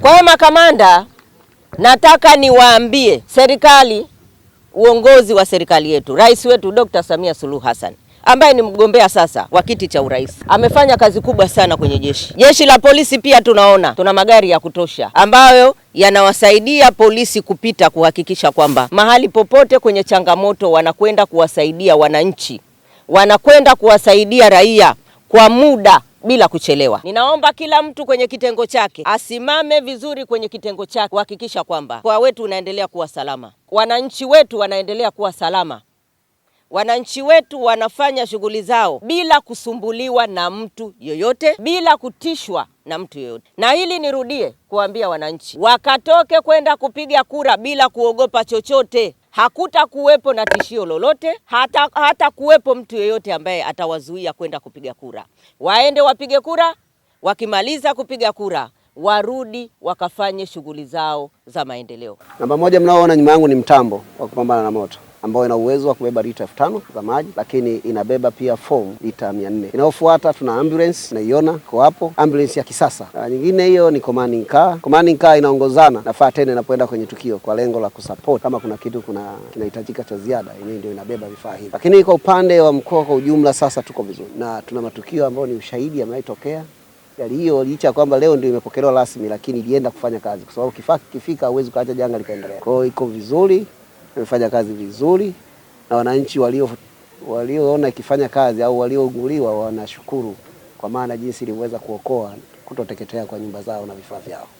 Kwa hiyo makamanda, nataka niwaambie serikali, uongozi wa serikali yetu, rais wetu Dr. Samia Suluhu Hassan ambaye ni mgombea sasa wa kiti cha urais amefanya kazi kubwa sana kwenye jeshi. Jeshi la polisi pia tunaona tuna magari ya kutosha ambayo yanawasaidia polisi kupita, kuhakikisha kwamba mahali popote kwenye changamoto wanakwenda kuwasaidia wananchi, wanakwenda kuwasaidia raia kwa muda bila kuchelewa. Ninaomba kila mtu kwenye kitengo chake asimame vizuri kwenye kitengo chake kuhakikisha kwamba kwa wetu unaendelea kuwa salama, wananchi wetu wanaendelea kuwa salama, wananchi wetu wanafanya shughuli zao bila kusumbuliwa na mtu yoyote, bila kutishwa na mtu yoyote. Na hili nirudie kuambia wananchi wakatoke kwenda kupiga kura bila kuogopa chochote hakuta kuwepo na tishio lolote, hata, hata kuwepo mtu yeyote ambaye atawazuia kwenda kupiga kura. Waende wapige kura, wakimaliza kupiga kura warudi wakafanye shughuli zao za maendeleo. Namba moja mnaoona nyuma yangu ni mtambo wa kupambana na moto ambayo ina uwezo wa kubeba lita elfu tano za maji, lakini inabeba pia foam lita mia nne. Inayofuata tuna ambulance, naiona kwa hapo, ambulance ya kisasa. Na ah, nyingine hiyo ni commanding car. Commanding car inaongozana na fire tena inapoenda kwenye tukio kwa lengo la kusupport kama kuna kitu kuna kinahitajika cha ziada, yenyewe ndio inabeba vifaa hivi. Lakini kwa upande wa mkoa kwa ujumla, sasa tuko vizuri na tuna matukio ambayo ni ushahidi yametokea gari hiyo licha ya kwamba leo ndio imepokelewa rasmi, lakini ilienda kufanya kazi, kwa sababu kifaa kikifika, huwezi kuacha janga likaendelea. Kwa hiyo iko vizuri imefanya kazi vizuri na wananchi walio walioona ikifanya kazi au waliounguliwa wanashukuru kwa maana jinsi ilivyoweza kuokoa kutoteketea kwa nyumba zao na vifaa vyao.